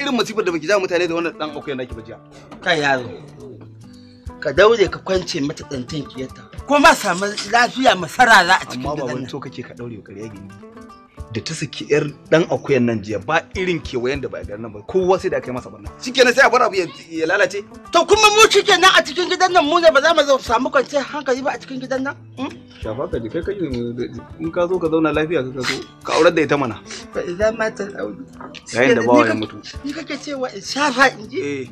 irin masifar da baki za mutane da wannan dan akwai naki bajiya kai yaro ka daure ka kwance mata dantan kiyarta ko ma samu lafiya masara za a cikin gidan amma ba wani to kake ka daure ka rage da ta saki yar dan akuyan nan jiya ba irin kewayen da ba garin nan ba kowa sai da kai masa barna shikenan sai a bar abu ya lalace to kuma mu shikenan a cikin gidan nan mu ne ba za mu samu kwanciyar hankali ba a cikin gidan nan hmm? shafa ka ji kai kai in ka zo ka zauna lafiya ka zo ka aurar da ita mana fa idan ma ta audu yayin da bawa ya mutu ni kake cewa in shafa in ji eh.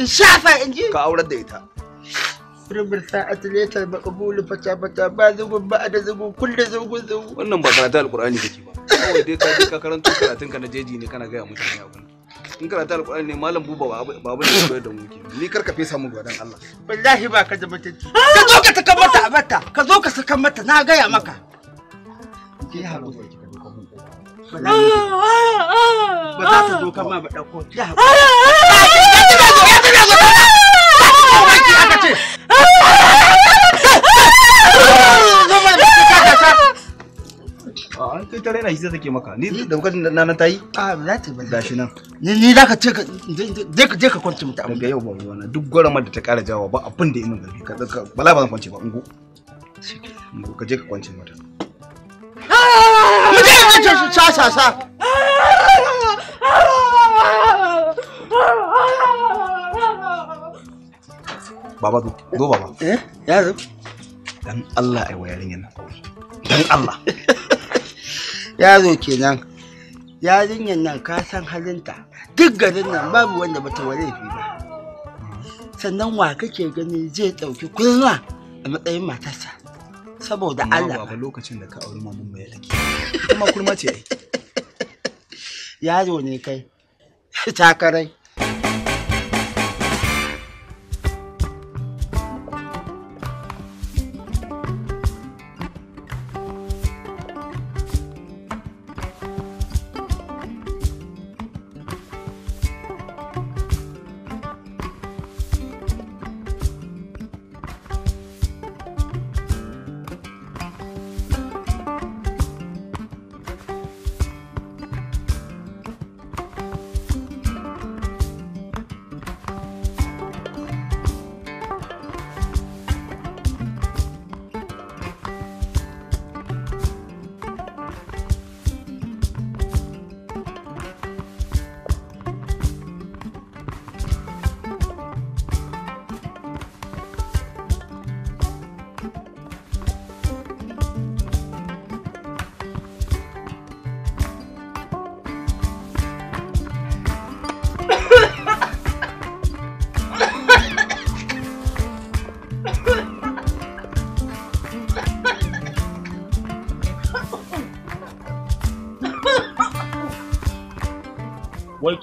in shafa in ji ka aurar da ita رب الساعة ليس المقبول فتا فتا ما زغو بعد زغو كل زغو زغو wannan ba karatu alqur'ani kake ba kawai dai ka ka karanto karatun ka na jeji ne kana gaya mutane abin in karatu alqur'ani ne malam buba ba abin da koyar da mu ke ni karka fesa mu gwadan Allah wallahi ba ka da mutunci ka zo ka saka mata a bata ka zo ka saka mata na gaya maka ki ba za ta zo ba ki ya zo ya zo an ah, kai tare na shi take maka ni da bukatun da nana ta yi ah, a za ta ba gashi nan ni ni za ka ce ka je ka je ka kwance mata daga yau ba duk gwaramar da ta kara jawo ba abin da imin garbi bala ba zan kwance ba ungo ka je ka kwance mata mu ka ce su sa sa Baba zo, zo baba. Eh, ya zo. Dan Allah ai wa nan. Dan Allah. yaro kenan yarinyar nan ka san halinta duk garin nan babu wanda bata ware fi ba sannan wa kake gani zai ɗauki kurna a matsayin matarsa saboda Allah ba lokacin da ka auri mamun mai laki kuma kurma yaro ne kai takarai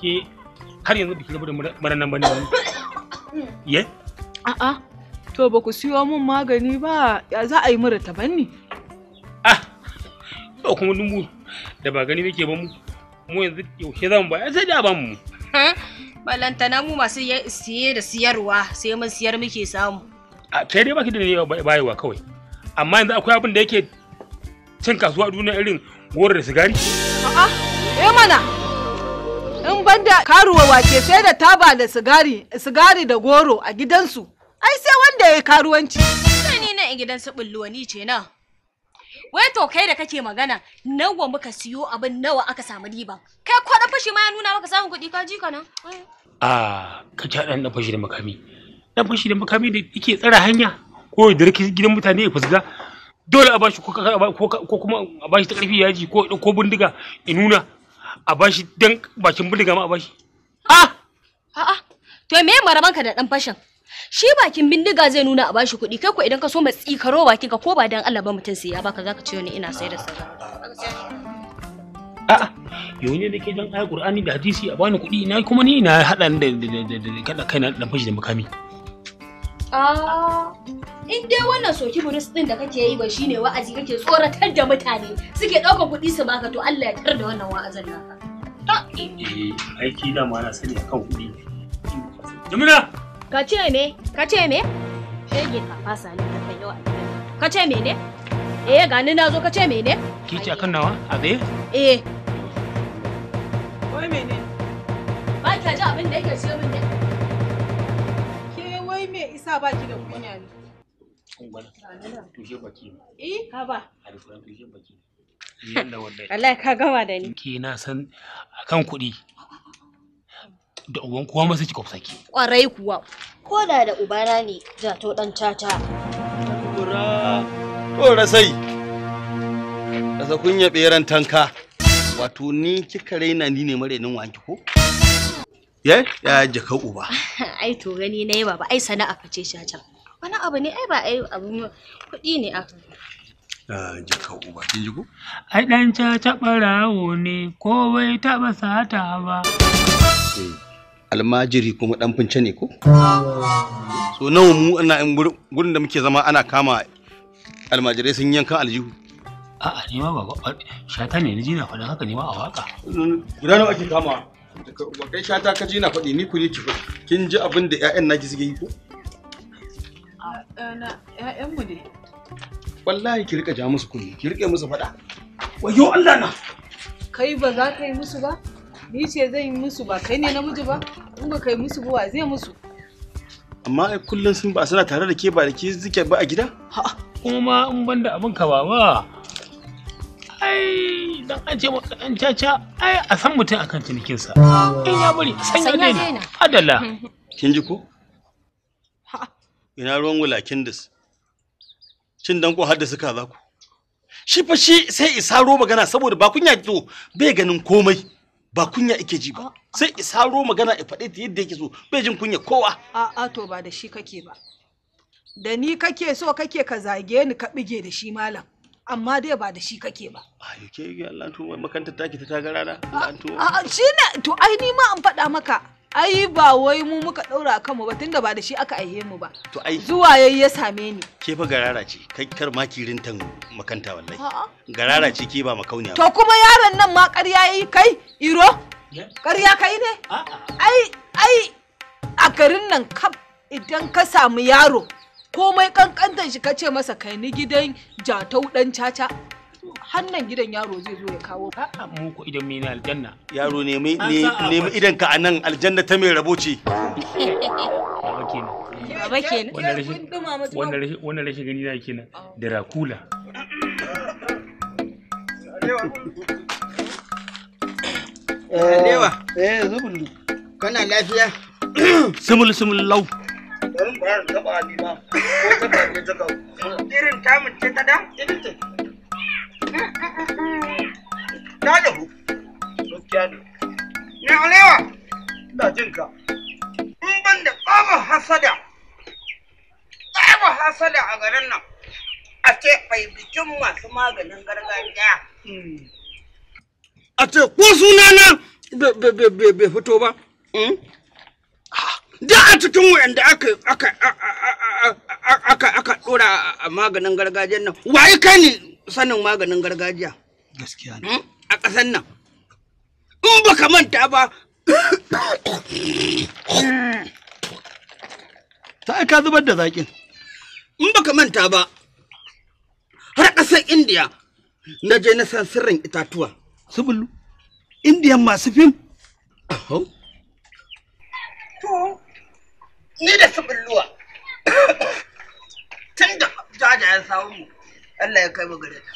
ke har yanzu biki rabu da mara nan bane ye a'a to ba ku siyo min magani ba ya za a yi mura ta banni ah to kuma dumbu da ba gani nake ba mu mu yanzu yaushe zan ba sai da ban mu balantana mu masu siye da siyarwa sai mun siyar muke samu a kai dai baki da ne bayewa kawai amma yanzu akwai abin da yake cin kasuwa duniya irin goro da sigari a'a eh mana in banda karuwa wake sai da taba da sigari sigari da goro a gidansu ai sai wanda ya karuwanci ni na a gidan su ni ce na wai to kai da kake magana nawa muka siyo abin nawa aka samu riba kai ko da fashi ma ya nuna maka samun kuɗi ka ji ka nan a ka ci dan da fashi da makami dan fashi da makami da yake tsara hanya ko da gidan mutane ya fusga dole a bashi ko kuma a bashi ta karfi yaji ko ko bindiga ya nuna a bashi dan bakin bindiga ma a bashi a a to me marabanka da dan fashin shi bakin bindiga zai nuna a bashi kuɗi kai ko idan ka so mai tsikaro bakin ka ko ba dan Allah ba mutum sai ya baka zaka ce ni ina sai da sai a'a yau ne nake dan ayi Qur'ani da hadisi a bani kuɗi na kuma ni ina hada da kada kaina dan fashi da makami Ah. in dai wannan soki buris din da kake yi ba shine wa'azi kake tsoratar da mutane suke ɗaukar kuɗi su baka to Allah ya tar da wannan wa'azin naka. Ah. Eh, aiki da ma na sani akan kuɗi. Jamila! Ka ce me? Ka ce me? Shege ka fasa ne ta kai yau Ka ce me ne? Eh, gani na zo ka ce me ne? Ki ce akan nawa? A tsaye? Eh. Wai mene? Ba ka ji abin da yake ce min ne? ya isa ba ki da kunya ne. Eh, Wallahi ka gama da ni. Ke na san akan kuɗi da uban kowa masu ki kwafsaki. Kwarai kuwa. Ko da da ubana ne jato dan tata. Kura to rasai. Rasa kunya ɓeran tanka. Wato ni kika raina ni ne marainin wanki ko? ya ya jaka uba ai to gani na yi baba ai sana'a ka ce shacan wani abu ne ai ba ai abu kuɗi ne aka jaka uba kin ji ko ai dan caca barawo ne ko bai taba sata ba eh, almajiri kuma dan fince ne ko so nawa mu ana in gurin da muke zama ana kama almajirai sun yanka aljihu a'a ne ma ba shata ne ni jina faɗin haka ne ma a waka guda nawa ake kama Ba kai shata ka ji na faɗi ni ku ne ki faɗi. Kin ji abin da 'ya'yan naki suke yi ko? ‘Ya'yanmu eh, ne. Wallahi ki rika ja musu kunni, ki rike musu faɗa. Wayo Allah na! Kai ba za ka yi musu ba? Ni ce zan yi musu ba, kai ne namiji ba? In ba kai musu ba, zai musu? Amma ai kullum sun ba suna tare da ke ba da ke zike ba a gida? Ha, kuma ma in ban da abin ka ba ma. ai dan an ce masa dan caca ai a san mutum akan cinikinsa in ya bari san ya daina adala kin ji ko ina ruwan wulakin dis cin dan ko haddasa ka za ku shi fa shi sai isa ro magana saboda ba kunya to bai ganin komai ba kunya ike ji ba sai isa ro magana ya faɗi ta yadda yake so bai jin kunya kowa a'a to ba da shi kake ba da ni kake so kake ka zage ni ka bige da shi malam amma dai ba da shi kake ba. Ai ke yi Allah to mai makantar taki ta tagara na. A shi ne to ai ni ma an faɗa maka. Ai ba wai mu muka ɗaura kan mu ba tunda ba da shi aka aihe mu ba. To ai zuwa yayi ya same ni. Ke fa garara ce kai kar ma kirin tan makanta wallahi. Garara ce ke ba makauniya. To kuma yaron nan ma ƙarya yayi kai iro. Ƙarya kai ne? A'a. Ai ai a garin nan kaf idan ka samu yaro komai kankantan shi kace masa kai ni gidan jatau dan caca hannan gidan yaro zai zo ya kawo ka mu ko idan mai aljanna yaro ne mai nemi idan ka anan aljanna ta mai rabo ce baba kenan baba kenan wannan rashin wannan gani na kenan dracula Eh, eh zubulu. Kana lafiya? Simul simul lau. don ba su taba abi ba ko ta kawo irin tamun ce ta da ita ta dahu gaskiya ne ne alewa ina jin ka in ban da hasada ƙaba hasada a garin nan a ce ai bikin masu maganin gargajiya hmm. a ce ko sunana bai fito ba hmm? da a cikin wayanda aka aka aka aka dora a maganin gargajiyan nan waye kai ne sanin maganin gargajiya gaskiya ne hmm? a ƙasar nan in baka manta ba ta ka zubar da zakin in baka manta ba har ƙasar indiya na je na san sirrin itatuwa subulu indiyan masu fim to ni da su bulluwa tun da jaja ya samu mu Allah ya kai mu gare ta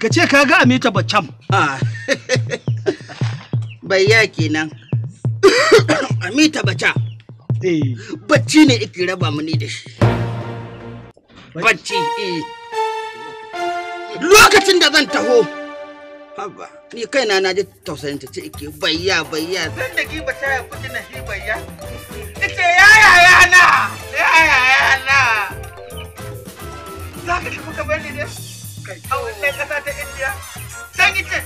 ka ce ka ga amita bai ah. ya kenan amita bacha eh. bacci ne iki raba mu ni da shi bacci eh. lokacin da zan taho haba ni kaina na ji tausayin ta ce ike bayya bayya zan da ki bacha ya kuji na shi bayya ike yaya ana yaya yana za ka tafi bani ne a wannan kasa ta indiya san ita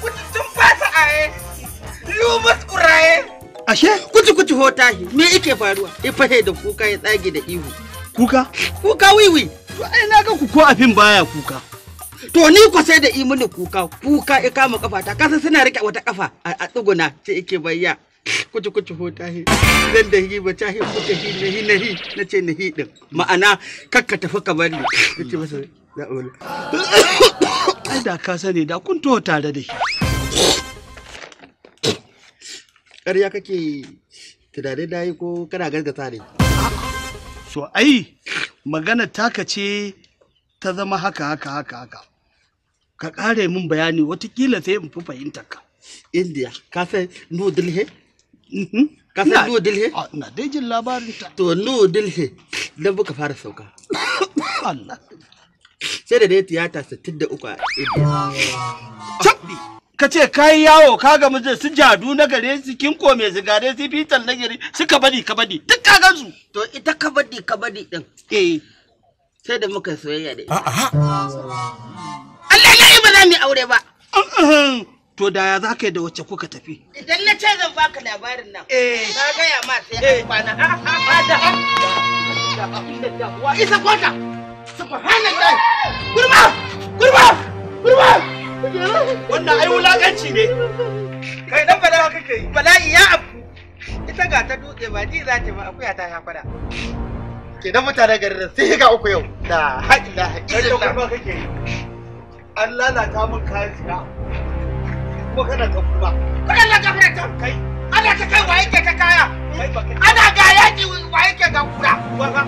kuci tun fasa aye lumus kuraye ashe kuci kuci me faruwa ifahe da kuka ya tsage da ihu kuka kuka wiwi to ai na ga ku ko afin baya kuka to ni ko sai da imini kuka kuka ya kama kafata kasa suna rike wata kafa a tsuguna ce ike bayya kuci kuci hota hi zan da hi ba hi kuci hi nahi nahi na ce nahi din ma'ana kakka tafi ka bari na ce masa za'ula ai da ka sani da kun to tare da shi ƙarya kake tunanin na yi ko kana gargata ne so ai magana taka ce ta zama haka haka haka haka ka kare min bayani watakila sai in fi fahimtar ka indiya ka san nudul he Mhm. ka san nuwa dilhe na dai jin labarin ta to nuwa dilhe dan buka fara sauka Allah sai da dai tiyata 63 a cabbi ka ce kai yawo ka ga mijin su jadu na gare su kinko mai zigare su fitan na gare su kabadi kabadi duk ka gansu to ita kabadi kabadi din eh sai da muka soyayya da ita Allah ya yi ba za mu aure ba to da ya za ka yi da wacce kuka tafi idan na ce zan baka labarin nan eh. na gaya ma sai ya kwana wa isa kwata subhanallah gurba gurba gurba wannan ai wulakanci ne kai dan bala'i ke yi bala'i ya afku. ita ga ta dutse ba ji za ta ba akuya ta ya fada ke da mutane garin sai ga uku yau da haƙi da haƙi da kake yi an lalata min kayan sana'a kuma kana ta ba. ko Allah ka fara ta kai ana ta kai waye ke ta kaya ana ga yaji waye ke ga kura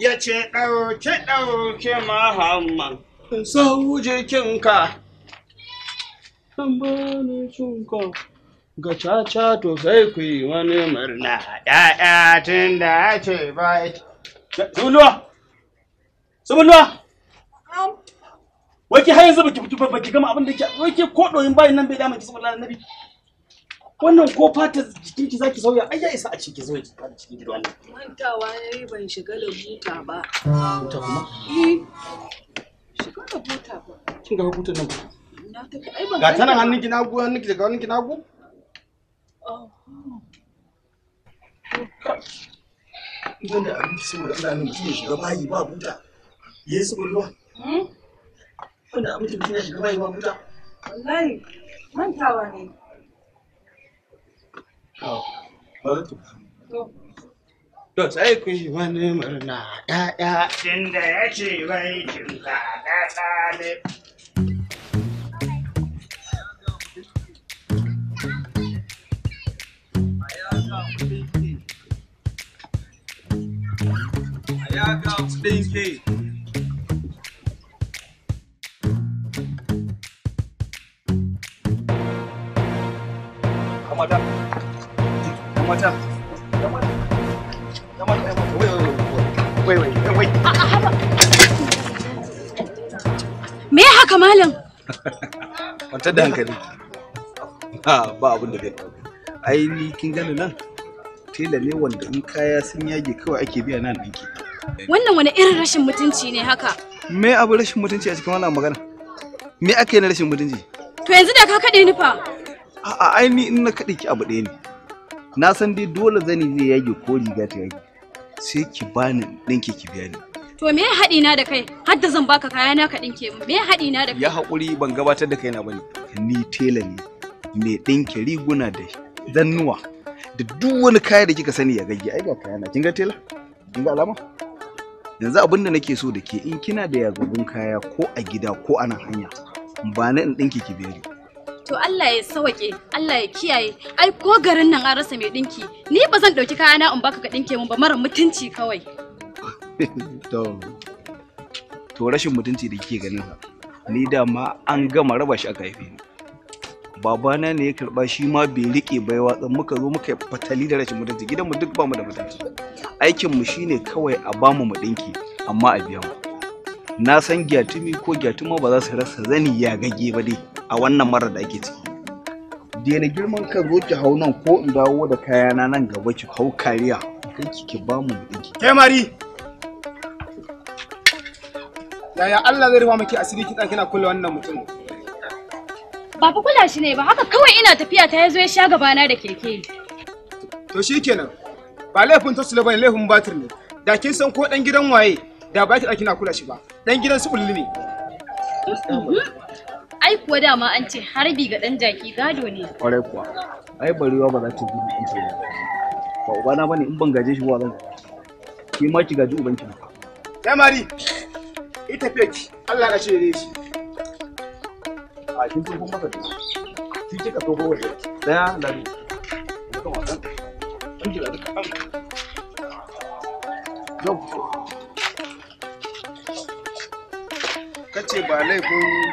ya ce ɗauke ɗauke mahamman sau jikinka kan bani cinka ga caca to sai ku yi wani murna ɗaɗa tun da ya ce ba ita. Subulluwa! Subulluwa! wai ki har yanzu baki fito ba ki gama abin da ke wai ke ko doyin bayin nan bai dama ki saboda annabi wannan ko fata jikin ki zaki sauya ai ya isa a ciki zo ki fara cikin gidan wannan mantawa yayi ban shiga da buta ba buta kuma eh, shiga da buta ba kin ga buta nan na tafi ai ban ga tana hannun ki na gu hannun ki daga hannun ki na gu Idan oh. da abin ki saboda Allah ne mutum shiga bayi ba buta. Yesu Allah. Ừ, kuna mutum shi shiga bai wa mutum wallahi mantawa ne Dot, ai kun yi wani murna ɗaya ɗin da ya ce bai kinka ɗaɗa ne. I got stinky. mata me haka malam kwantar da hankali ba abin da kai ai ni kin gani nan tela ne wanda in kaya sun yage kawai ake biya nan ɗinki. Wannan wani irin rashin mutunci ne haka? Me abu rashin mutunci a cikin wannan magana? Me ake na rashin mutunci? To yanzu da ka kaɗe ni fa. A'a ni in na kaɗe ki abu ɗaya ne. Na san dai dole zani zai yage ko riga ta yage. Sai ki bani ɗinki ki biya ni. To me ya haɗi na da kai? Har da zan baka kaya na ka ke Me ya haɗi na da kai? Ya haƙuri ban gabatar da kaina bane. Ni tela ne. Me ɗinke riguna da zannuwa da duk wani kaya da kika sani ya gaggi ai ga kaya na kin ga tela? Kin ga alama? yanzu abin da nake so da ke in kina da yagagun kaya ko a gida ko a nan hanya ba na in ɗinki ki biyar to Allah ya sawake Allah ya kiyaye ai ko garin nan an rasa mai dinki ni ba zan dauki kayana in baka ka dinke mun ba mara mutunci kawai to to rashin mutunci da kike ganin sa ni da ma an gama raba shi aka haife babana ne ya karba shi ma bai rike bai watsa muka zo muka fatali da rashin mutunci gidan mu duk bamu da mutunci aikin mu shine kawai a bamu mu dinki amma a biya mu na san gyatumi ko gyatuma ba za su rasa zani ya gage ba dai a wannan mara da ake ciki Dena girman kan zo ki hau nan ko in dawo da kayana nan gaba ki hau kariya kai ki ba mu ɗinki kai mari yaya Allah zai rufa miki asiri kitan kina kula wannan mutum ba kula shi ne ba haka kawai ina tafiya ta yazo ya sha gabana da keke to shi kenan, ba laifin tosule ne laifin batir ne da kin san ko dan gidan waye da ba ki kina kula shi ba dan gidan su bulli ne mhm. ai kuwa dama an ce harbi ga dan jaki gado ne kwarai kuwa ai barewa ba za ta gudu in ce ba uba ubana bane in ban gaje shi ba zan ki ma ki gaji ubanki ba kai mari ita feki Allah ka shirye shi a kin kun maka shi kika so gowa daya lalu kuma wasan da kan yau kace ba laifin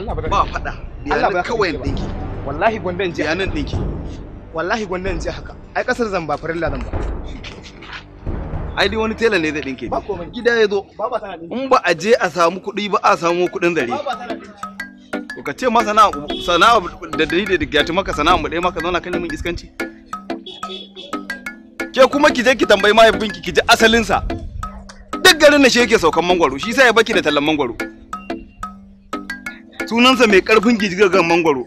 Allah ba ba faɗa biyanin kawai dinki. wallahi gwandan je biyanin dinki. wallahi gwandan je haka ai kasar zan ba farilla zan ba ai dai wani tela ne zai ɗinke ba komai gida ya zo in ba a je a samu kuɗi ba a samu kuɗin zare to ka ce ma sana'a sana'a da dani da gati maka sana'a mu dai maka zauna kan neman iskanci ke kuma ki je ki tambayi mahaifinki ki ji asalinsa duk garin na shi yake saukan mangwaro shi sai ya baki da tallan mangwaro sunansa mai karfin gijigar mangwaro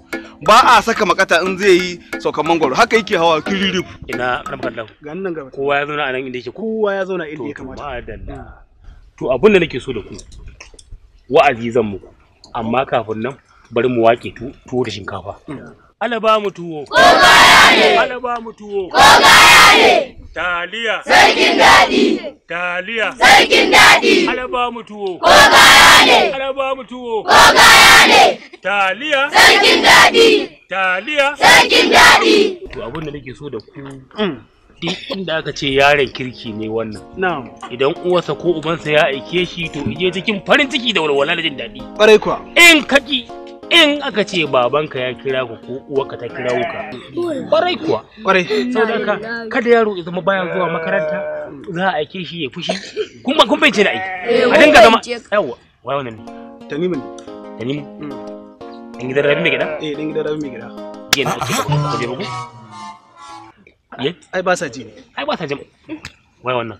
ba a saka makata in zai yi saukan mangwaro haka yake hawa kiririf ina ramkallan gannan gaba kowa ya zauna a nan inda yake kowa ya zauna inda ya kamata ah. to abin da nake so da ku wa'azi zan muku amma kafin nan bari mu wake tuwo da shinkafa mm. alaba mu tuwo ko gaya ne alaba mu tuwo ko gaya ne Taliya. Sarkin daɗi. Taliya. Sarkin daɗi. Alaba mutuwo. tuwo. Ko gaya ne. Alaba mutuwo. tuwo. Ko gaya ne. Taliya. Sarkin daɗi. Taliya. Sarkin daɗi. To abin da nake so da ku mm. duk inda aka ce yaren kirki ne wannan. Idan uwarsa ko ubansa ya aike shi to ije cikin farin ciki da walwala da jin daɗi. Ƙwarai kuwa. In kaki in aka ce babanka ya kira ku ko uwarka ta kira ku kwarai kuwa kwarai saboda haka kada yaro ya zama baya zuwa makaranta za a aike shi ya fushi kun ba kun bai ce da aiki a dinga zama yawa wai wannan ne tamimin tamimin mm. dan gidan rabin mai gida eh dan gidan rabin mai gida yana ah, ah. ku je ku ai ba sa ji ne ai ba sa ji wai wannan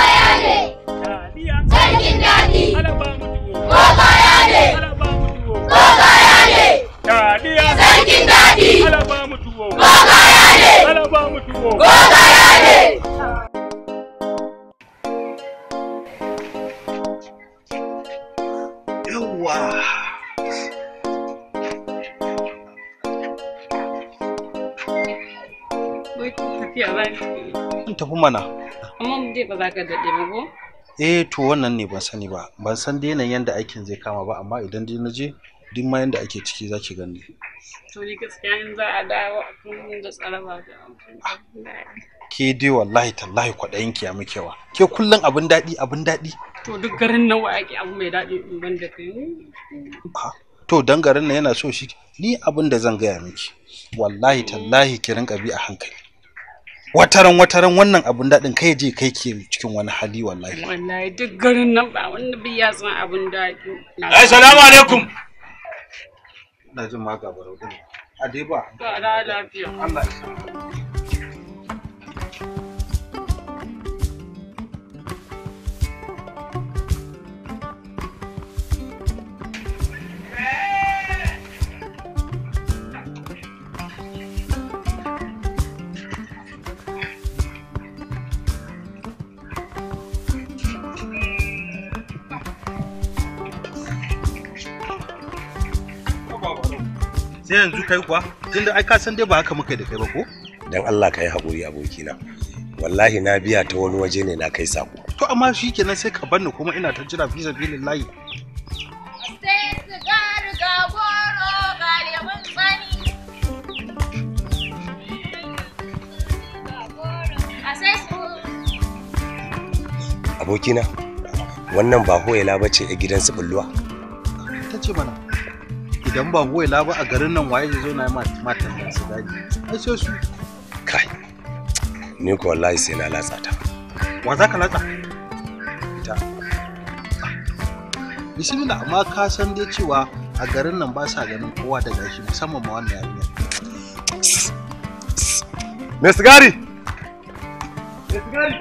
ne kogaya ne kogaya ne sarkin daɗi kogaya ne kogaya ne yawwa tafiya ba tafi mana amma mu dai ba za ka daɗe ba ko Eh to wannan ne ban sani ba. Ban san dai yanayin yanda aikin zai kama ba amma idan dai na je duk ma yanda ake ciki za ki gani. To ni gaskiya za a dawo a kun da tsaraba da ah, Ke dai wallahi tallahi kwaɗayin ki ya muke wa. Ke kullum abin daɗi abin daɗi. To duk garin nan ake abu mai daɗi in ban da kai. Ah, to dan garin nan yana so shi ni abin da zan gaya miki. Wallahi tallahi ki rinka bi a hankali. wataran wataran wannan abun daɗin kai je kai ke cikin wani hali wallahi wallahi duk garin nan ba wanda bai ya san abun daɗi assalamu alaikum na jin ma barau din adeba ga lafiya Allah ya sai yanzu kai kuwa tunda ai ka san dai ba haka muka da kai ba ko dan Allah ka yi haƙuri abokina wallahi na biya ta wani waje ne na kai sako to amma shi kenan sai ka banni kuma ina ta jira visa bilin layi abokina wannan ba hoyala bace a gidan su bulluwa ta ce mana idan ba wela ba a garin nan waye zai zo na matan da su daji ai sai su kai ni ko wallahi sai na latsa ta wa za ka latsa ita bismillah amma ka san dai cewa a garin nan ba sa ganin kowa da gashi musamman ma wannan yarinya Me sigari Me sigari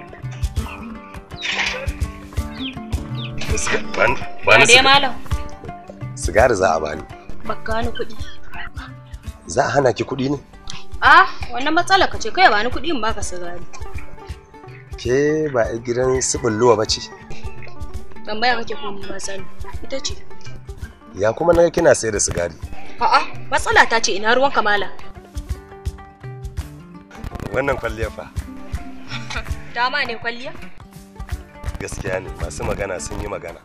Sigari za a bani. baka ni kuɗi za a hana ki kuɗi ne A, wannan matsala ka ce kai ba ni kuɗi in baka sigari ke ba a gidan luwa ba ce tambaya kake ko ni ba sani ita ce ya kuma naga kina sayar da sigari a'a matsala ta ce ina ruwan kamala wannan kwalliya fa dama ne kwalliya gaskiya ne masu magana sun yi magana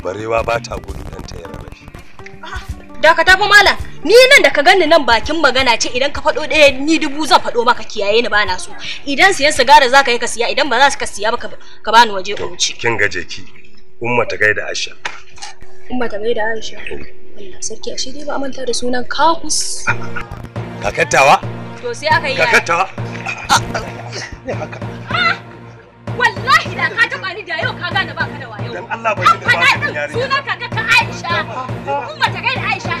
barewa ba ta gudu ɗan ta yi rarrafi dakata fa malam ni nan da ka gani nan bakin magana ce idan ka faɗo ɗaya ni dubu zan faɗo maka kiyaye ni bana so idan siyan sigara zaka yi ka siya idan ba za ka siya ba ka bani waje ko wuce kin gaje ki umma ta gaida Aisha umma ta gaida Aisha oh. Allah sarki ashe dai ba manta da sunan kakus kakattawa to sai aka yi kakattawa ne wallahi da ka taba ni da yau ka gane ba ka da wayo dan Allah ba ki da ba sunan kakatta Aisha umma ta gaida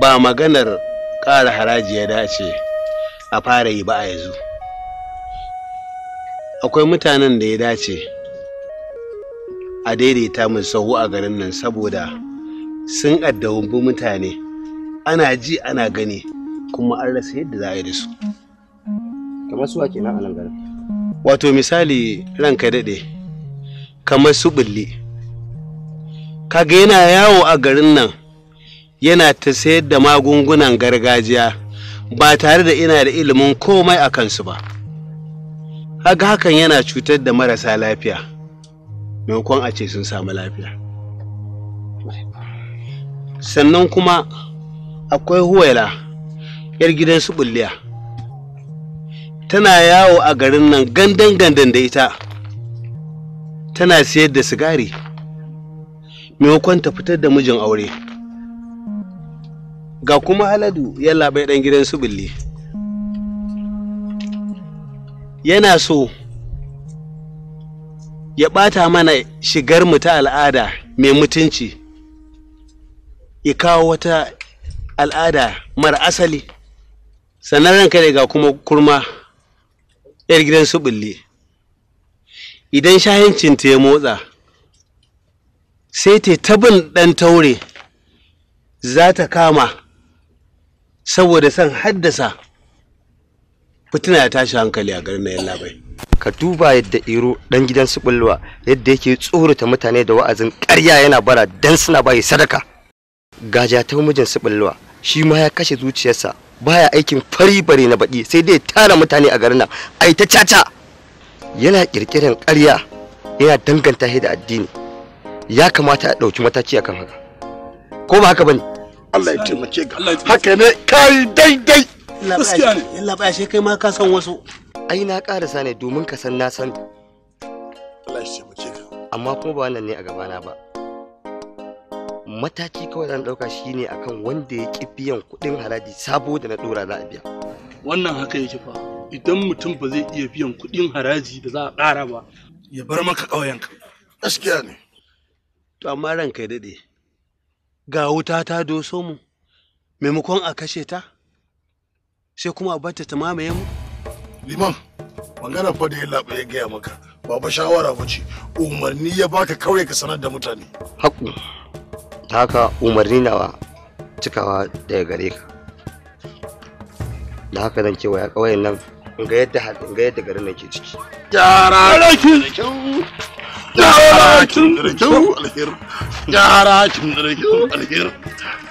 ba maganar ƙara haraji ya dace a fara yi ba a yanzu akwai mutanen da ya dace a daidaita mu sahu a garin nan saboda sun addawumbi mutane ana ji ana gani kuma an rasa yadda za a yi da su kamar suwa kenan a nan garin wato misali ranka daɗe kamar su bulli kaga yana yawo a garin nan yana ta sayar da magungunan gargajiya ba tare da ina da ilimin komai a kansu ba haga hakan yana cutar da marasa lafiya maimakon a ce sun samu lafiya sannan kuma akwai huwaila yar gidan su bulliya tana yawo a garin nan gandan gandan da ita tana sayar da sigari maimakon ta fitar da mijin aure ga kuma haladu yalla bai dan gidan su yana so ya ɓata mana shigar mu ta al'ada mai mutunci ya kawo wata al'ada mara asali sannan ranka ne ga kuma kurma yar gidan su bulle idan shahincin ta ya motsa sai ta tabin ɗan taure za ta kama saboda son haddasa fitina ya tashi hankali a garin nan labai ka duba yadda iro dan gidan su bulwa yadda yake tsorata mutane da wa'azin ƙarya yana bara dan suna bayi sadaka gaja ta mijin su bulwa shi ma ya kashe zuciyarsa baya aikin fari bare na baki sai dai tara mutane a garin nan ai ta caca yana kirkiran ƙarya yana danganta da addini ya kamata a ɗauki mataki akan haka ko ba haka bane Allah ya taimake ka haka ne kai daidai gaskiya ne ba shi kai ma ka san wasu ai na karasa ne domin ka san na san Allah ya taimake ka amma kuma ba wannan ne a gabana ba mataki kawai zan dauka shine akan wanda ya ki biyan kuɗin haraji sabo da na dora za a biya wannan haka yake fa idan mutum ba zai iya biyan kuɗin haraji da za a ƙara ba ya bar maka ƙauyenka gaskiya ne to amma ranka ya daɗe ga wuta ta doso mu maimakon a kashe ta sai kuma a bata ta mamaye mu liman magana fa da ya laɓa ya gaya maka Baba ba shawara ba ce umarni ya baka kawai ka sanar da mutane haƙu haka umarni nawa cikawa daga gare ka da haka zan kewaya ya ƙauyen nan ga yadda ga yadda garin nake ciki gyara kin gyara kin da kyau alheri gyara kin kyau alheri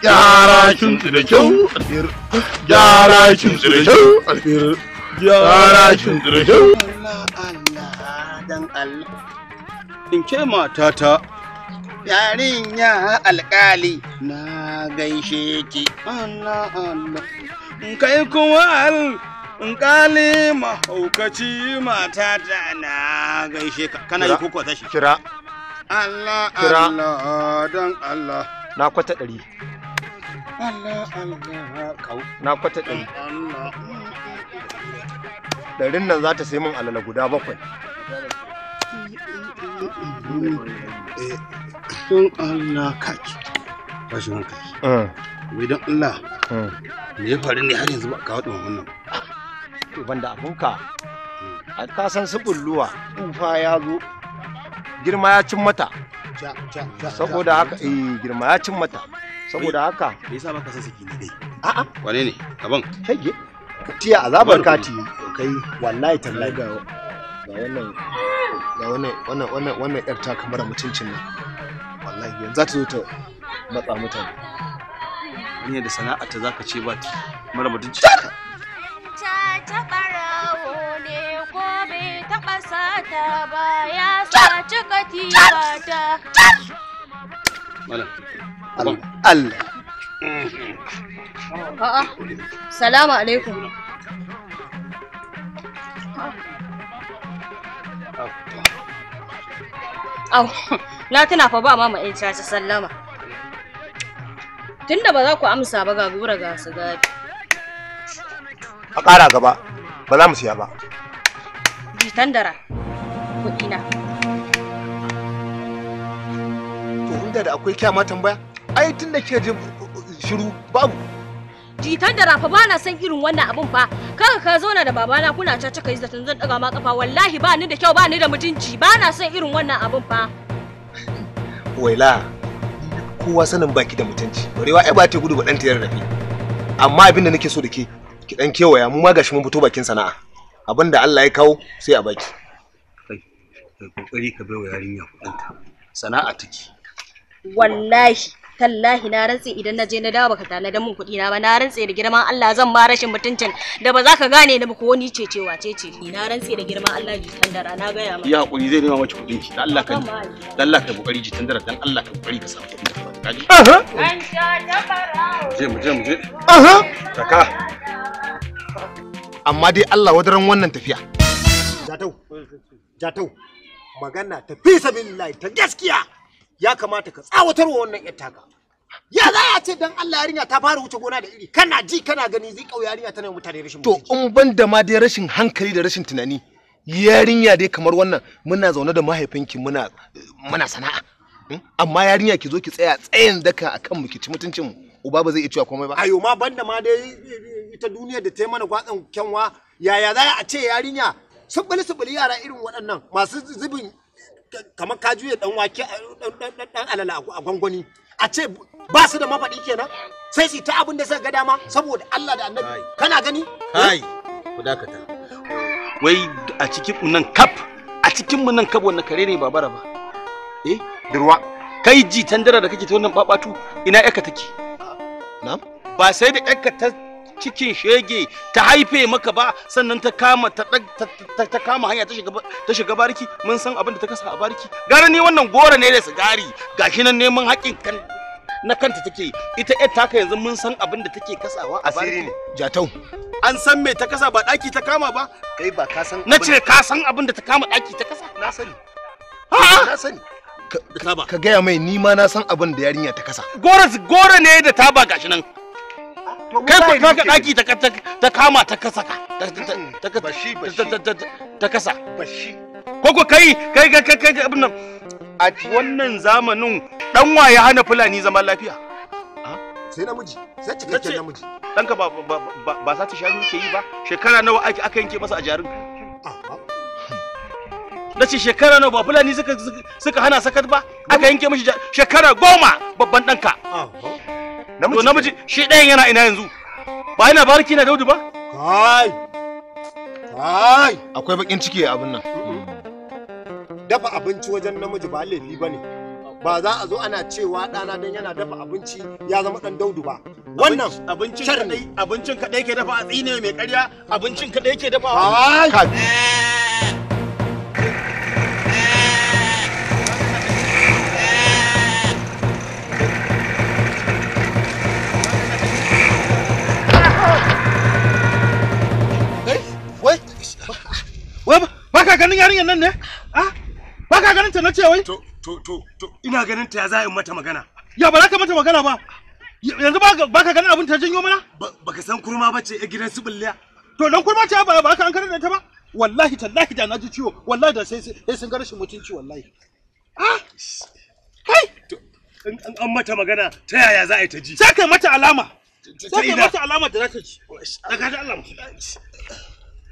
gyara kin kyau gyara kin kyau gyara kin kyau Allah dan Allah in ke matata yarinya alkali na gaishe ki Allah Allah kai kuma al in kali mahaukaci mata ta na gaishe kana yi kuka tashi kira Allah Allah dan Allah na kwata ɗari Allah Allah kau na kwata ɗari ɗarin nan za ta sai min alala guda bakwai Allah kaki mm. Allah mm. me ya faru ne har yanzu ba ka wannan to banda afuka a kasan su bulluwa tufa ya zo girma ya cin mata saboda haka eh girma ya cin mata saboda haka me yasa baka san saki ne dai a a wane ne kaban shege tiya azabar kati kai wallahi tallahi ga wannan ga wannan wannan wannan wannan yar ta kamar mutuncin nan wallahi yanzu za ta zo ta matsa mutane ne da sana'a ta zaka ce ba ta mara mutunci taɓa rawo ne ko bai taɓa sata ba ya saci Allah. Mm-hmm. A'a, salamu alaikum. Au, na tuna fa ba mama in caca sallama. Tunda ba za ku amsa ba ga gura ga su a ƙara gaba ba za mu siya ba Jitan dara kuɗina to inda da akwai kyama tambaya ai tun da ke jin shiru babu jitan fa ba bana san irin wannan abun fa kaga ka zauna da babana kuna ta cika zaton zan daga ma kafa wallahi ba ni da kyau ba ni da mutunci bana san irin wannan abun fa waila kowa sanin baki da mutunci barewa ai ba ta gudu ba dan tiyar rafi amma abin da nake so da ke ki dan kewaya mu ma gashi mun fito bakin sana'a abinda Allah ya kawo sai a baki kai kokari ka bai wa yarinya ta sana'a take wallahi tallahi na rantse idan na je na dawo baka tana dan mun kuɗi na ba na rantse da girman Allah zan ma rashin mutuncin da ba za ka gane ba ko ni ce cewa ce ce na rantse da girman Allah ji tandara na ga ya ma ya hakuri zai nema maki kuɗin ki dan Allah ka dan Allah ka kokari ji tandara dan Allah ka kokari ka samu kuɗin kaji an sha dabara je mu je mu je aha taka amma dai Allah wadaran wannan tafiya jatau jatau magana ta fi sabilillahi ta gaskiya ya kamata ka tsawatarwa wannan yar taka ya za a ce dan Allah yarinya ta fara wuce gona da iri kana ji kana gani zai kau yarinya tana mutane rashin to in ban da ma dai rashin hankali da rashin tunani yarinya dai kamar wannan muna zaune da mahaifinki muna muna sana'a hmm? amma yarinya ki zo ki tsaya tsayin daka akan mu ki ci mutuncin mu uba ba zai iya cewa komai ba ayo ma banda ma dai ita duniya da ta mana gwatsan kyanwa yaya za a ce yarinya sabbali sabbali yara irin waɗannan masu zubin kamar ka juya dan wake dan alala a gwangwani a ce ba su da mafaɗi kenan sai su ta abin da suka ga dama saboda Allah da Annabi kana gani kai eh? ku dakata wai a cikin nan kaf a cikin mu nan kaf wannan kare ne babara ba eh durwa kai ji tandara da kake ta wannan babatu ina yaka take na ba sai da yaka ta cikin shege ta haife maka ba sannan ta kama ta ta kama hanya ta shiga ta shiga bariki mun san abin da ta kasa a bariki gara ni wannan gora ne da sigari gashi nan neman haƙin kan na kanta take ita yar taka yanzu mun san abin da take kasawa a bariki ne jatau an san me ta kasa ba daki ta kama ba kai ba ka san na ce ka san abin da ta kama daki ta kasa na sani na sani ka gaya mai ni ma na san abin da yarinya ta kasa gora gora ne da ta ba gashi nan kai ko ka daki ta ta kama ta kasa ka ta ta kasa bashi ko ko kai kai kai kai abin nan a wannan zamanin dan waye hana fulani zaman lafiya sai namiji sai cikakken namiji danka ba ba za ta shanu ke yi ba shekara nawa ake aka yanke masa a jarin na ce shekara nawa ba fulani suka suka hana sakat ba aka yanke mishi shekara goma babban danka namiji namiji shi ɗayan yana ina yanzu ba ina barki na daudu ba kai kai akwai bakin ciki a abin nan dafa abinci wajen namiji ba laifi bane ba za a zo ana cewa ɗana dan yana dafa abinci ya zama dan daudu ba wannan abincin kadai abincin kadai ke dafa a tsine mai ƙarya abincin kadai ke dafa kai eh. ba ka ganin yarinyar nan ne ah ba ka ganin ta na ce wai to to to to ina ganin ta ya za in mata magana ya ba za ka mata magana ba yanzu ba ka ganin abin ta janyo mana ba ka san kurma ba ce gidan su bulliya to dan kurma ce ba ba ka an karanta ta ba wallahi tallahi da na ji ciwo wallahi da sai sai sun ga shi mutunci wallahi ah kai to an mata magana ta yaya za a yi ta ji sai kai mata alama sai kai mata alama da za ta ji daga da Allah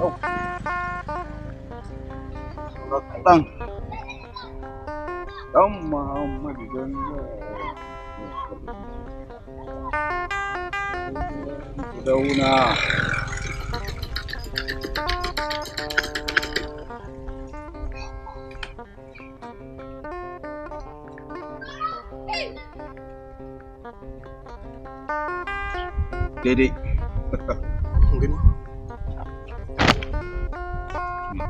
Đúng. Rồi cẩn thận. Đó mà ông mà bị đơn đâu nè Đi đi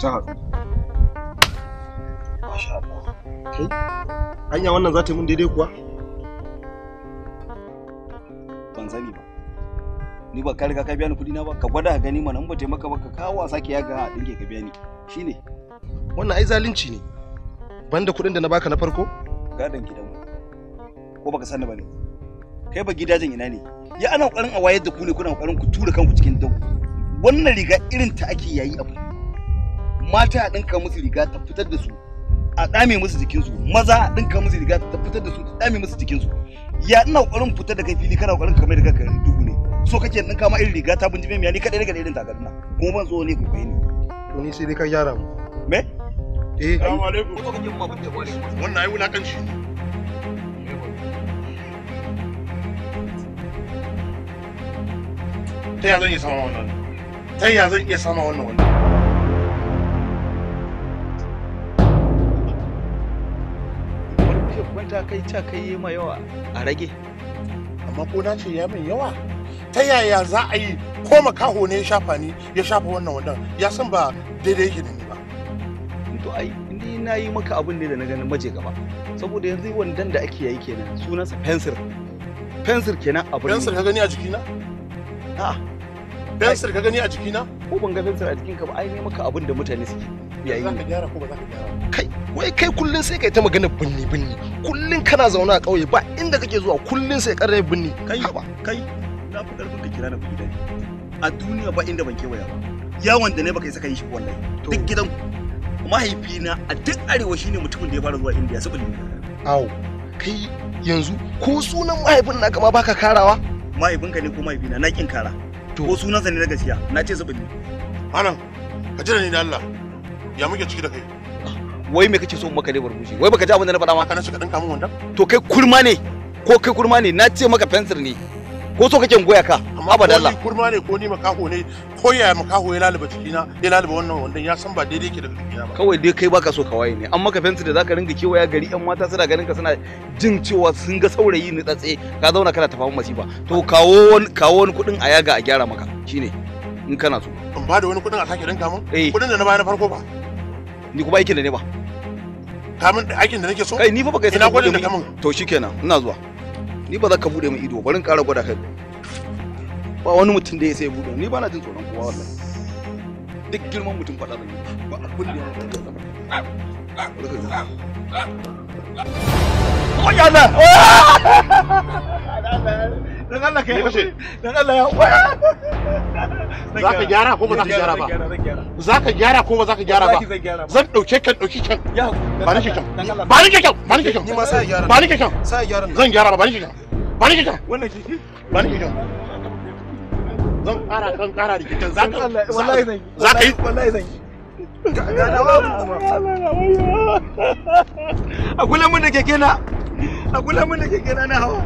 ta masha Allah hanya wannan za ta yi mun daidai kuwa ban sani ba ni ba ka riga ka biya ni kuɗi na ba ka gwada gani mana ba ka kawo yaga a dinge ka biya ni shine wannan ai zalunci ne banda kuɗin da na baka na farko gadon gidanmu ko baka sani ba ne kai ba gidajen ina ne ya ana ƙoƙarin a wayar da ku ne kuna ƙoƙarin ku tura kanku cikin dau wannan riga irin ta ake yayi a mata a ɗinka musu riga ta fitar da su a ɗame musu jikinsu maza a ɗinka musu riga ta fitar da su ta ɗame musu jikinsu ya ina ƙoƙarin fitar da kai fili kana ƙoƙarin kamar riga garin dubu ne so kake ɗinka ma irin riga ta bunji mai ni kaɗai daga irin takalma kuma ban so ne ku kai ni. to ni sai dai ka yara mu. me. eh. salamu alaikum. wannan ai wulakanci ta ya zan iya sama wannan ta ya zan iya sama wannan wannan ta kai ta kai yi ma yawa a rage amma ko na ce ya min yawa ta yaya za a yi ko makaho ne ya shafa ni ya shafa wannan wannan ya san ba daidai yake ne ba to ai ni na yi maka abin da na ganin maje gaba saboda yanzu wandan da ake yi kenan sunansa fensir fensir kenan abin pencil ka gani a jikina a'a fensir ka gani a jikina ko ban ga fensir a jikinka ba ai ne maka abin da mutane suke yayi ne kai wai kai kullun sai kai ta magana binni binni kullun kana zaune a ƙauye ba inda kake zuwa kullun sai ƙarar binni kai kai na fi ƙarfin ka kira na kuɗi dani a duniya ba inda ban kewaya ba yawon da ne baka saka yin shi wallahi duk gidan mahaifina a duk arewa shine mutumin da ya fara zuwa indiya su saboda awo kai yanzu ko sunan mahaifin naka ma baka karawa mahaifinka ne ko mahaifina na kin kara to ko sunansa ne na gaskiya na ce su saboda malam ka jira ni da Allah ya muke ciki da kai wai me kake so maka ne barbushi wai baka ji abin da na faɗa ma kana suka dinka mun wanda to kai kurma ne ko kai kurma ne na ce maka fensir ne ko so kake goya ka abadan ko kurma ne ko ni makaho ne ko yaya makaho ya lalaba na ya lalaba wannan wanda ya san ba daidai yake da cikina ba kawai dai kai baka so ka waye ne an maka fensir da zaka ringa kewaya gari yan mata suna ganin ka suna jin cewa sun ga saurayi ni tsatse ka zauna kana tafamin masifa to kawo kawo wani kudin a yaga a gyara maka shine in kana so in ba da wani kudin a sake rinka mun eh. kudin da na bayar na farko ba ni kuma aikin da ne ba kamin aikin da nake so kai ni fa baka yi ina gwadin da to shikenan ina zuwa ni ba za ka bude min ido bari in ƙara gwada kai ba wani mutum da ya sai bude ni ba na jin tsoron kowa wallahi duk girman mutum faɗa zan yi ba a. da ya mutu da n'a Allah! Dan Allah kai. Dan Allah ya. za gyara ko ba gyara ba za gyara ko ba gyara ba zan dauke kan dauki kan ba ni kan ba ni kan ba ni kan ni ma sai gyara ba ni kan sai gyara zan gyara ba ba kan ba ni kan wannan ki ba ni kan zan kara kan kara rikitan za ka wallahi zan za yi wallahi zan a kula mun da keke na a kula mun da keke na na hawa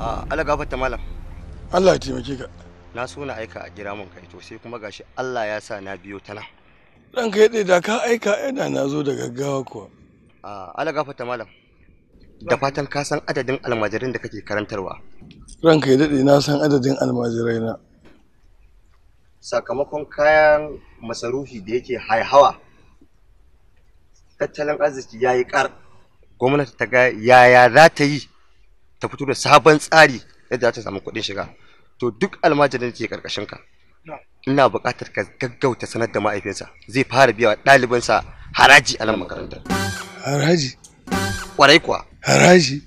Allah fata malam. Allah ya taimake ka. Na so na aika a gira mun kai to sai kuma gashi Allah ya sa na biyo ta nan. kai ya da ka aika ina na zo da gaggawa ko. Allah fata malam. Da fatan ka san adadin almajirin da kake karantarwa. Ranka ya daɗe na san adadin almajirai na. Sakamakon kayan masarufi da yake haihawa tattalin arziki ya yi ƙar. Gwamnati ta ga yaya za ta yi ta fito da sabon tsari yadda za ta samu kuɗin shiga to duk almajirin da ke karkashin ka ina buƙatar ka gaggauta sanar da ma'aikinsa, zai fara biya wa ɗalibansa haraji a nan makarantar haraji kwarai kuwa haraji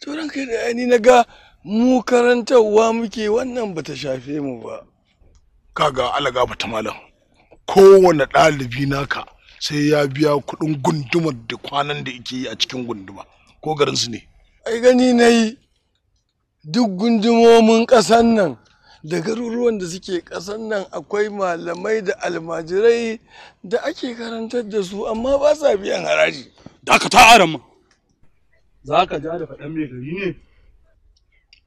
tsoron kai da ni na ga mu karantarwa muke wannan bata shafe mu ba kaga alaga bata malam kowane ɗalibi naka sai ya biya kuɗin gundumar da kwanan da yake yi a cikin gunduma ko garinsu ne ai gani na yi duk gundumomin ƙasan nan da garuruwan da suke ƙasan nan akwai malamai da almajirai da ake karantar da su amma ba sa biyan haraji da ka ta ma za ka ja da faɗan mai gari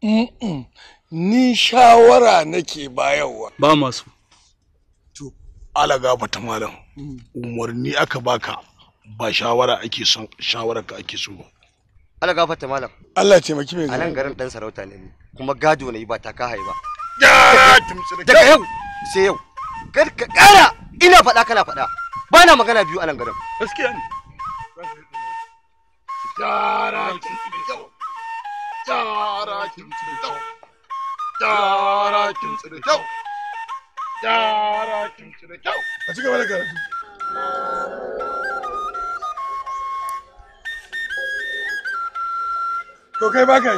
ne ni shawara nake bayarwa ba masu to alaga ta malam mm. umarni aka baka ba shawara ake son shawara ka ake so ba Allah gafarta malam. Allah ya taimaki mai A nan garin dan sarauta ne kuma gado ne ba ta kahai ba. Daga yau sai yau. Kar ka kara ina faɗa kana faɗa. Ba na magana biyu a nan garin. Gaskiya ne. Tara Tara Tara Tara A to kai ba kai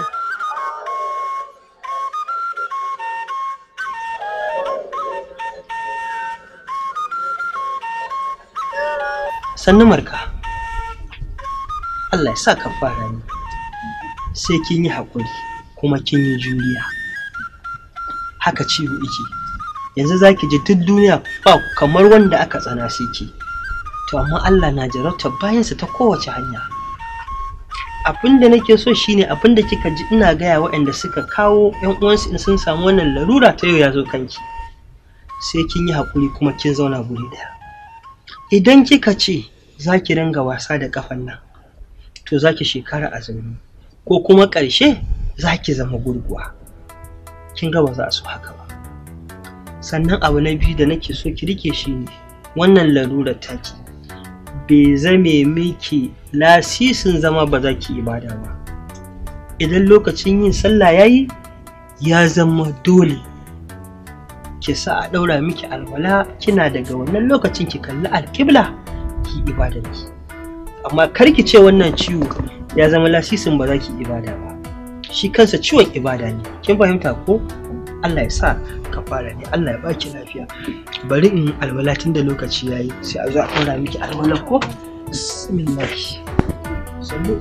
sannu marka Allah ya sa ka fara ni sai kin yi haƙuri kuma kin yi juriya haka ciwo iki yanzu za ki ji duk duniya ba kamar wanda aka tsana sai ki to amma Allah na jarabta bayansa ta kowace hanya abin da nake so shine abin da kika ji ina gaya waɗanda suka kawo yan uwansu in sun samu wannan larura ta yau ya zo kanki sai kin yi haƙuri kuma kin zauna guri ɗaya idan kika ce za ki ringa wasa da kafan nan to za ki shekara azumi ko kuma ƙarshe za ki zama gurguwa kin ga ba za su haka ba sannan abu na biyu da nake so ki rike shi ne wannan larurar taki bai zame miki lasisin zama ba za ki ibada ba idan lokacin yin sallah ya yi ya zama dole ki sa a ɗaura miki alwala kina daga wannan lokacin ki kalli alkibla ki ibada ki amma kar ki ce wannan ciwo ya zama lasisin ba za ki ibada ba shi kansa ciwon ibada ne kin fahimta ko Allah ya sa Ka fara ne Allah ya baki lafiya bari in alwala tun da lokaci yayi sai a zo a ɗora miki alwala ko bismillah sallu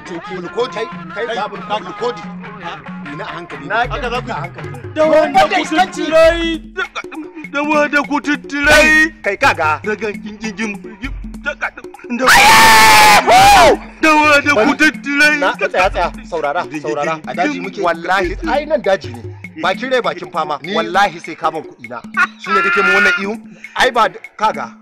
bulkodi kai ka bulkodi ina a hankali na haka za ku hankali da wanda ku tuttirai da wanda ku tuttirai kai kaga daga gingingin da wanda ku tuttirai na tsaya tsaya saurara saurara a daji muke wallahi ai nan daji ne bakin rai bakin fama wallahi sai kamun kuɗi na shine kake mu wannan ihu ai ba kaga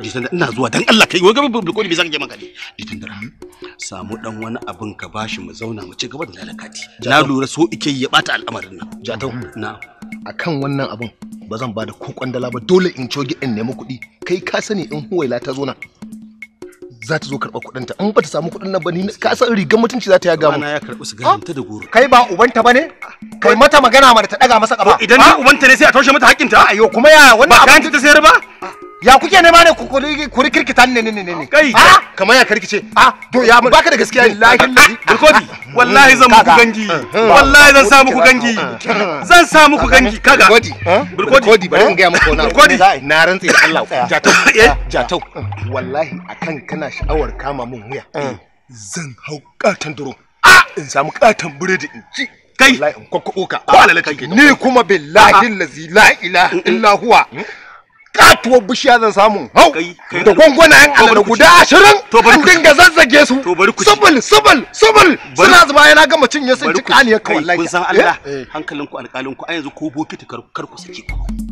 jitan ina zuwa dan Allah kai wai gaba bulkoli me zaka je maka ne jitan dara samu dan wani abin ka bashi mu zauna mu ci gaba da lalakati na lura so ike ya bata al'amarin nan jatau na akan wannan abin ba zan bada ko kwandala ba dole in cogi in nemi kuɗi kai ka sani in huwaila ta zo nan za ta zo karɓa kuɗin in ba ta samu kuɗin nan ba ni ka san rigar mutunci za ta ya gamu ya karɓi su ta da goro kai ba ubanta ne kai mata magana ma da ta daga masa kafa idan ni ah! ubanta ne sai a taushe mata hakkin ta ayo kuma ya wannan abin ta sayar ba ya kuke ne ma ne ku ku rikirkita ne ne ne ne kai kamar ya karkice a to ya baka da gaskiya wallahi burkodi wallahi zan muku gangi wallahi zan sa muku gangi zan sa muku gangi kaga burkodi burkodi bari in ga muku na burkodi na rantsa da Allah jatau eh? jatau wallahi akan kana sha'awar kama mun wuya eh, zan hau katan duro in samu katan biredi in ci kai wallahi in kokko ka ni kuma billahi allazi la ilaha illa huwa katuwar bishiya zan samu hau da yan alana guda ashirin an dinga zazzage su subul subul subul suna zuba yana gama cinye sun ci kaniyar kawai kun san Allah eh? Eh. hankalinku alƙalinku a yanzu ko bokiti kar ku sake ku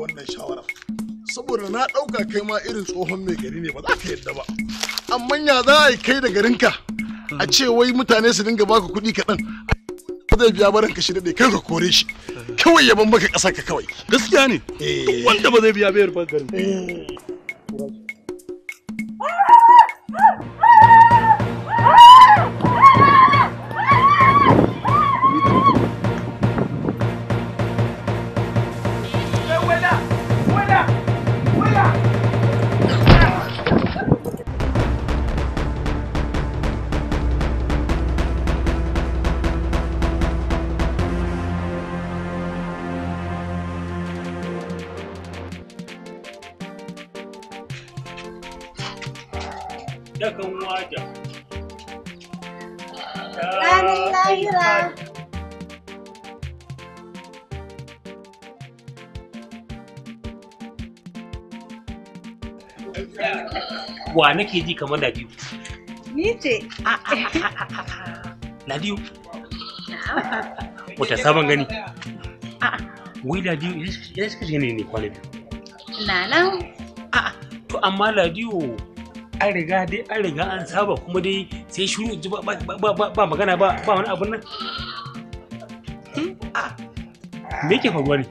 wannan shawara saboda na ɗauka kai ma irin tsohon mai gari ne ba za ka yadda ba amma ya za a yi kai da garinka a ce wai mutane su dinga baka kuɗi kaɗan zai biya baran ka shi kai ka kore shi kawai ya bambaka ƙasa ka kawai gaskiya ne eh. wanda ba zai biya bayar ba garin eh. nake ji kamar biyu. Ni ce. Ah, ah, ah, biyu. Wata sabon gani? Wai biyu ya suka shi ne kwana biyu. nan. To amma biyu an riga dai an riga an saba kuma dai sai shiru ba magana ba wani abun nan. Me ke faruwa ne?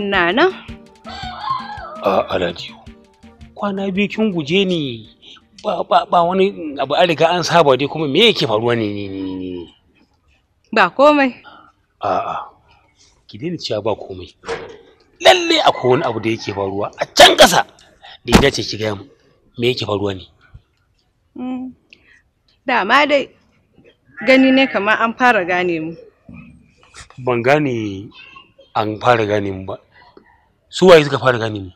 Nana? A'a Ladiyu. kwana biyu kin guje ni ba ba ba wani abu an riga an saba dai kuma me yake faruwa ne ne ne ba komai a'a ki daina cewa ba komai lalle akwai wani abu da yake faruwa a can ƙasa da ya ce ki ga mu me yake faruwa ne mm. dama dai gani ne kamar an fara gane mu ban gane an fara gane mu ba su waye suka fara gane mu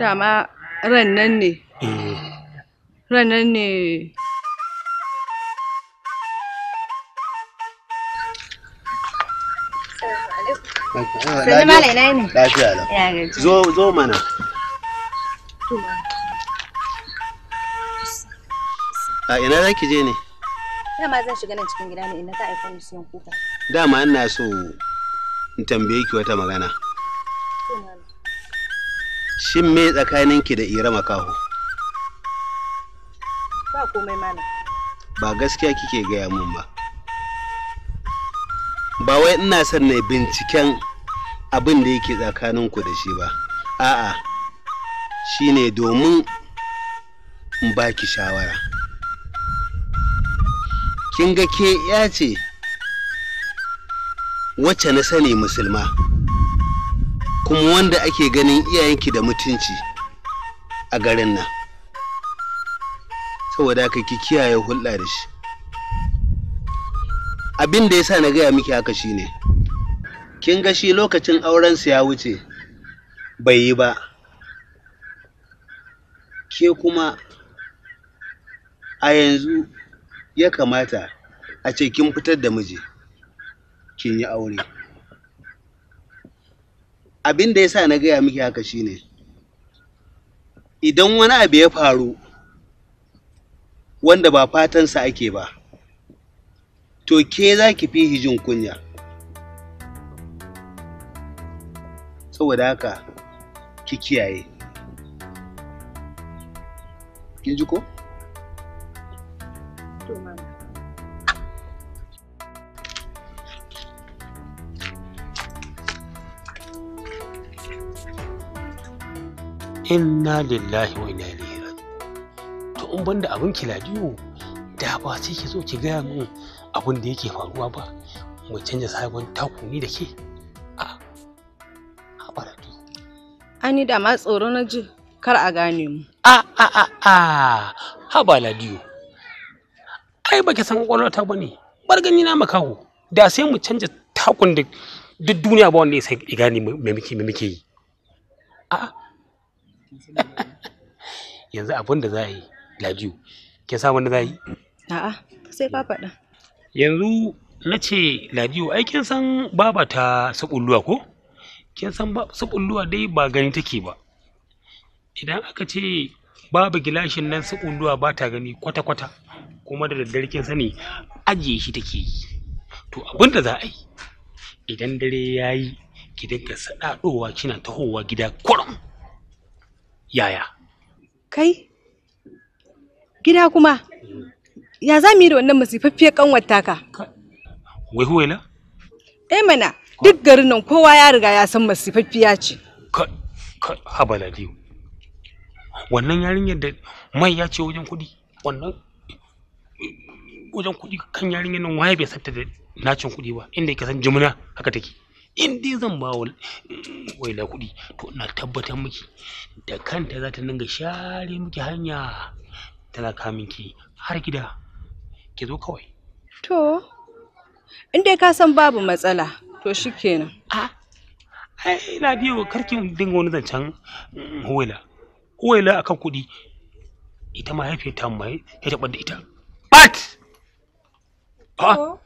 dama ran nan ne eh. ran nan ne ina ne? Zo zo mana. A ina za ki je ne? Dama zan shiga nan cikin gida ne ina ta aika ni siyan kuka. Dama ina so in tambaye ki wata magana. shin me tsakanin ki da ira makaho ba komai mana ba gaskiya kike gaya mun ba ba wai ina son na binciken abin da yake tsakaninku da shi ba a'a shine domin in baki shawara kin ga ke ya ce wacce na sani musulma kuma wanda ake ganin iyayenki da mutunci a garin nan saboda haka ki kiyaye hulɗa da shi abin da ya sa na gaya miki haka shine kin ga shi lokacin aurensa ya wuce bai yi ba ke kuma a yanzu ya kamata a ce kin fitar da miji kin yi aure abin da ya sa na gaya miki haka shine idan wani abu ya faru wanda ba fatansa ake ba to ke za ki fi hijin kunya saboda haka ki kiyaye kin ji ko? inna lillahi wa inna ilaihi raji'un to in banda abin kiladiyo da ba sai ki zo ki gaya min abin da yake faruwa ba mu canja sabon takuni da ke a habaratu ani da ma tsoro na ji kar a gane mu a a a a haba ladiyo ai baki san kwalwata ba ne bar gani na makaho da sai mu canja takun da duk duniya ba wanda ya sai gane me muke yi a yanzu abin da za a yi lajiyu kin samu da za a yi a'a sai ka faɗa yanzu na ce lajiyu ai kin san baba ta sabulluwa ko kin san sabulluwa dai ba gani take ba idan aka ce babu gilashin nan sabulluwa ba ta gani kwata-kwata kuma da daddare kin sani ajiye shi take yi to abin da za a yi idan dare ya yi ki dinga saɗaɗowa kina tahowa gida kurum yaya kai gida kuma ya za mu yi da wannan masifaffiyar kanwar ka wai huwaila eh mana duk garin nan kowa ya riga ya san masifaffiya ce habala wannan yarinyar da mai ya ce wajen kudi wannan wajen kudi kan yarinyar nan waye bai santa da nacin kudi ba inda yake san jimina haka take in dai zan ba wa waila kuɗi to ina tabbatar miki da kanta za ta dinga share miki hanya tana ki. har gida ki zo kawai to in dai ka san babu matsala to shikenan a ai ina biyo karkin dinga wani zancen huwaila huwaila akan kuɗi ita ma mahaifiyar ta mai ya taɓa da ita bat oh.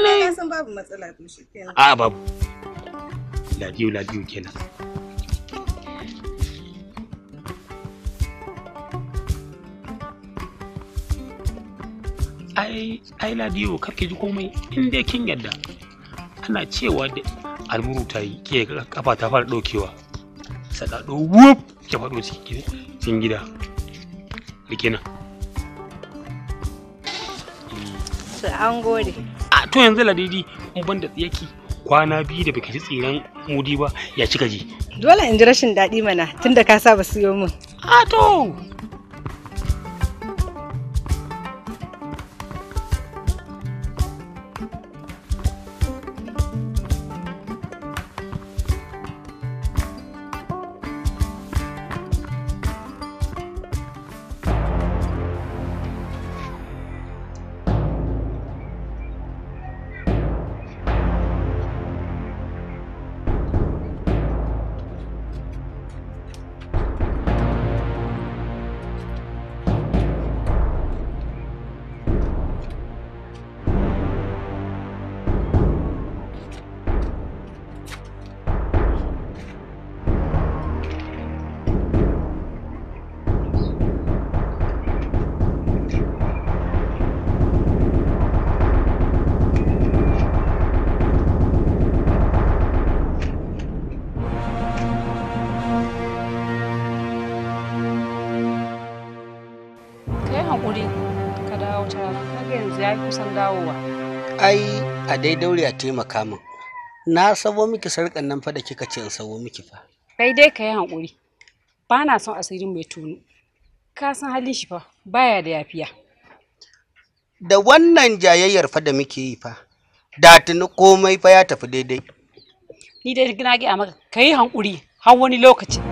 ne ka san babu matsala to shi a ladiyo ladiyo kenan ai ai ladiyo karki ji komai in dai kin yadda ana cewa da almuru ta yi ke kafa ta fara daukewa sadado wuf ki faɗo cikin gida rikina an gode to yanzu ladidi in ban da tsiyaki kwana biyu da baki ji tsiran mudi ba ya ci gaji dole in ji rashin daɗi mana tunda ka saba siyo min a to ai a dai a taimaka min na sabo miki sarƙan nan fa da kika ce in sabo miki fa kai dai ka yi haƙuri ba na son asirin mai tunu ka san halin shi fa baya da yafiya da wannan jayayyar fa da muke yi fa da tuni komai fa ya tafi daidai ni dai na gaya maka ka yi haƙuri har wani lokaci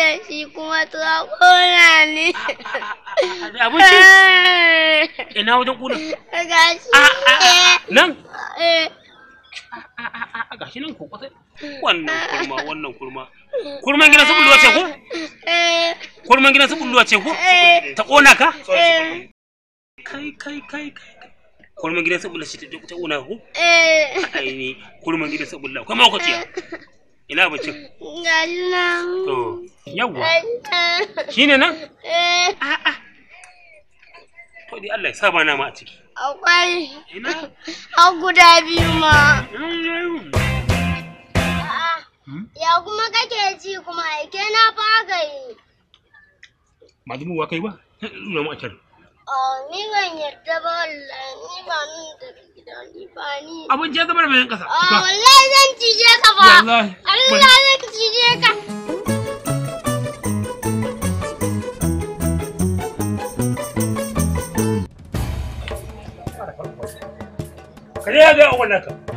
da shi kuma ta kona ne. Abinci? na wajen kuna? Ga shi. Nan? Ga shi nan kokota. Wannan kurma, wannan kurma. Kurman gidan su bulluwa ce ko? Kurman gidan su bulluwa ce ko? Ta kona ka? Kai, kai, kai, kai. kurman gidan sabulla shi ta una ku? Eh. Ai ne kurman gidan sabulla kuma ku ciya. Ina bacin? Ga nan. To. Yawwa. Shi ne nan? Eh. A'a. To dai Allah ya sa ba ma a ciki. Akwai. Ina? Har guda biyu ma. Hmm? Ya kuma kake ji kuma ke na faga yi. Ba zubuwa kai ba? Nuna mu a can. ni ban yarda ba wallahi ni ba nan da gida ba ni abin je zama da bayan kasa wallahi zan cije ka ba Allah zan cije ka kare ya ga wannan ka